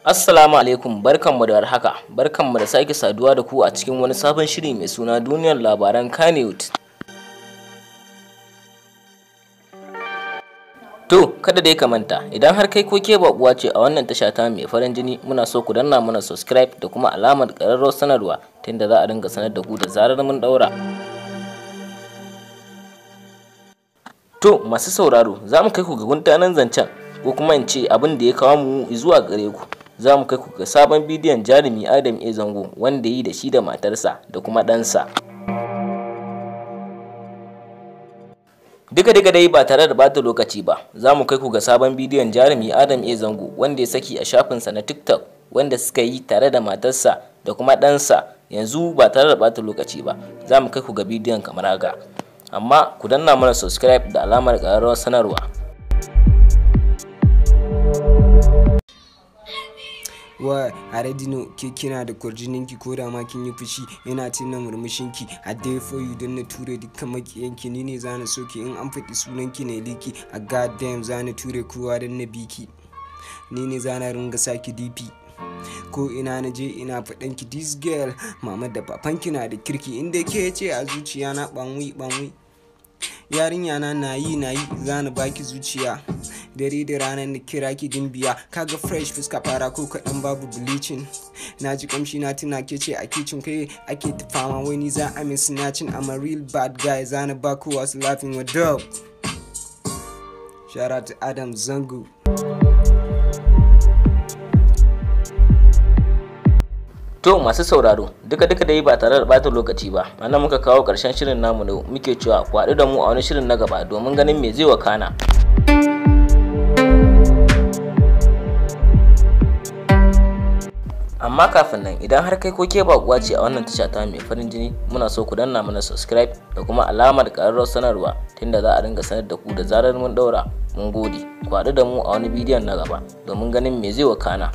Assalamu alaikum barkanmu da warhaka barkanmu da sake saduwa da ku a cikin wani sabon shiri mai suna duniyar labaran Kanewt. To kada dai ka manta idan har kai ko ke ce a wannan tasha ta mai farin jini muna so ku danna mana subscribe da kuma alamar ƙararrawar sanarwa tunda za a dinga sanar da ku da zarar mun ɗaura. To masu sauraro za mu kai ku ga guntanen zancen ko kuma in ce abin da ya kawo mu zuwa gare ku. za mu kai ku ga sabon bidiyon jarumi Adam A Zango wanda yi da shi da matarsa da kuma ɗansa. Duka duka dai ba tare da bata lokaci ba, za mu kai ku ga sabon bidiyon jarumi Adam A Zango wanda ya saki a shafinsa na TikTok wanda suka yi tare da matarsa da kuma ɗansa yanzu ba tare da bata lokaci ba, za mu kai ku ga bidiyon kamar haka. Amma ku danna mana subscribe da alamar ƙararrawar sanarwa wa a radino ke kina da kwarjininki ko da ma kin yi fushi ina tina murmushin ki a day for you don na ture dukkan makiyanki ki ni ne zana ki in an faɗi sunan ki ne liki a goddamn zana ture kowa don na biki ni ne zana ringa saki dp ko ina na je ina faɗan ki this girl mama da papan ki na da kirki inda ke ce a zuciya na banwi banwi yarinya na nayi nayi zana baki zuciya dare da rana na kira ki dimbiya kaga fresh fuska fara ko kaɗan babu bleaching na ji kamshi na tuna ke ce a kicin kai ake fama wani za a min snatching i'm a real bad guy zana ba kowa su laughing with up shout out to adam zango To masu sauraro duka duka da yi ba tare da bata lokaci ba ana muka kawo ƙarshen shirin namu ne muke cewa faɗu da mu a wani shirin na gaba domin ganin me zai wakana. amma kafin nan idan har kai ko ke bakuwa ce a wannan tasha ta mai farin jini muna so ku danna mana subscribe da kuma alamar karar sanarwa tunda za a ringa sanar da ku da zarar mun daura mun gode ku haɗu da mu a wani bidiyon na gaba domin ganin me zai wakana